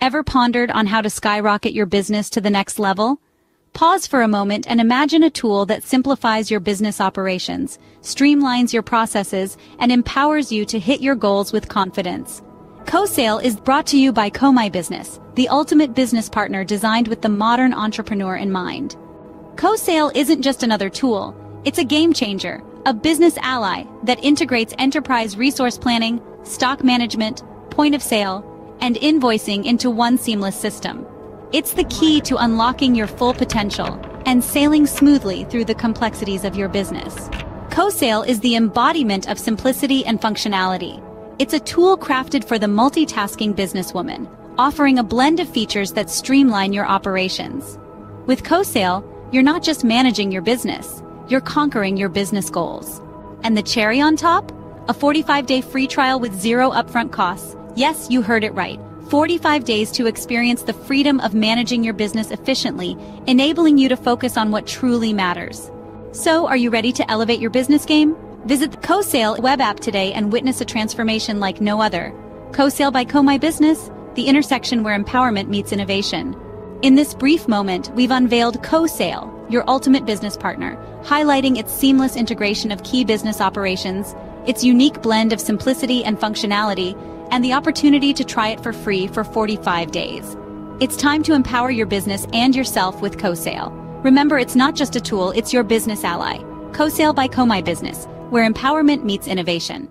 Ever pondered on how to skyrocket your business to the next level? Pause for a moment and imagine a tool that simplifies your business operations, streamlines your processes, and empowers you to hit your goals with confidence. CoSale is brought to you by CoMy Business, the ultimate business partner designed with the modern entrepreneur in mind. CoSale isn't just another tool, it's a game changer, a business ally that integrates enterprise resource planning, stock management, point of sale, and invoicing into one seamless system. It's the key to unlocking your full potential and sailing smoothly through the complexities of your business. CoSale is the embodiment of simplicity and functionality. It's a tool crafted for the multitasking businesswoman, offering a blend of features that streamline your operations. With CoSale, you're not just managing your business, you're conquering your business goals. And the cherry on top? A 45-day free trial with zero upfront costs Yes, you heard it right. 45 days to experience the freedom of managing your business efficiently, enabling you to focus on what truly matters. So, are you ready to elevate your business game? Visit the CoSale web app today and witness a transformation like no other. CoSale by Co My Business, the intersection where empowerment meets innovation. In this brief moment, we've unveiled CoSale, your ultimate business partner, highlighting its seamless integration of key business operations, its unique blend of simplicity and functionality, and the opportunity to try it for free for 45 days. It's time to empower your business and yourself with CoSale. Remember, it's not just a tool, it's your business ally. CoSale by CoMy Business, where empowerment meets innovation.